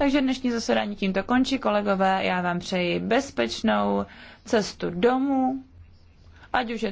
Takže dnešní zasedání tímto končí, kolegové. Já vám přeji bezpečnou cestu domů, ať už je